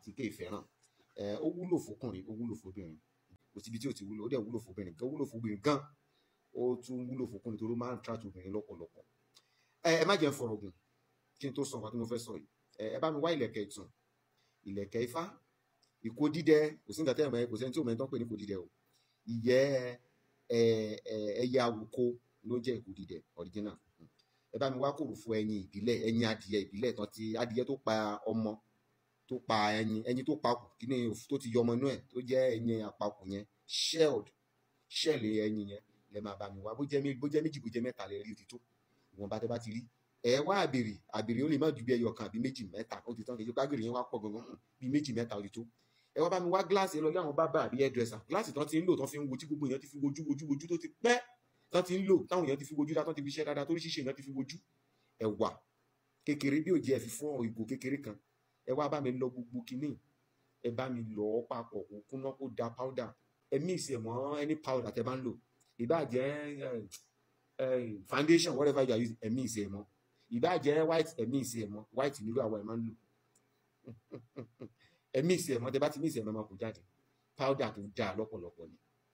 àti ké ìfẹ́ràn ó wúlò fọkùnrin ó wúlò fọbìnrin kò síbi tí ò ti wúlò ó dẹ̀ wúlò fọbìnrin gan wúlò fọbìnrin gan ó tún wúlò fọkùnrin torí ó máa ń tíráàtì obìnrin lọ́pọ̀lọpọ̀ ẹ má jẹ́ ń fọ̀rọ̀ gùn kí n tó sọ nǹkan tí mo fẹ́ sọ yìí ẹ bá mi wá ìlẹ̀kẹ̀ ìtùn ìlẹ̀kẹ̀ ifá ìkó dídẹ kò sí nǹkan tẹ́ ẹ̀ mọ́ kò sẹ́ni tí ò mọ́ ẹni tó ń pè ní ìkó dídẹ o ìyẹ́ ẹyẹ awoko ló jẹ́ ìkó dídẹ original ẹ bá mi wá kòrò fún ẹyin ìbílẹ̀ ẹyin adìyẹ ìbílẹ̀ tán ti adìyẹ tó pa ọmọ tó pa ẹyin ẹyin tó pa kù kí ni tó ti yọmọ inú ẹ̀ tó jẹ́ ẹyin àpapọ̀ yẹn shelled shell ẹyin yẹn lẹ máa bá mi wá bó jẹ́ bó jẹ́ méjì bó jẹ́ mẹ́ta lè rí ti tó ìwọ̀nba tẹ́ bá ti rí ẹ wá àbèrè àbèrè ó lè má ju bí ẹyọ kan àbí méjì mẹ́ta ó ti tán kejì gbàgbèrè yẹn wá pọ̀ gangan bí méjì mẹ́ta ó ti tó ẹ wá bá mi wá gíláàsì ẹ lọ lé àwọn bábà àbí hairdresser gíláàsì tán ti ń lò tán fi ń wo tí gbogbo èèyàn ti fi wojú wojú wojú tó ti pẹ́ tán ti ń lò táwọn èèyàn ti fi wojú tán ti fi iṣẹ́ dáadáa torí ṣíṣe èèyàn ti fi wojú ẹ̀wà kékeré bí òjì ẹ̀ fi fún ìgò kékeré kan ẹ wá bá mi lọ gbogbo kínní ẹ bá mi lọ ọ papọ̀ kó kúná kó da powder ẹ mix ẹ mọ́ any powder tẹ bá ń lò ìbá eh, eh, foundation whatever you are using ẹ mix ẹ mọ́ ìbá jẹ́ white ẹ mix ẹ mọ́ white nílò àwọn ẹ máa ń lò ẹ mix ẹ mọ́ tẹ bá ti mix ẹ mọ́ ẹ máa kó jáde powder tó dáa lọ́pọ̀lọpọ̀ ni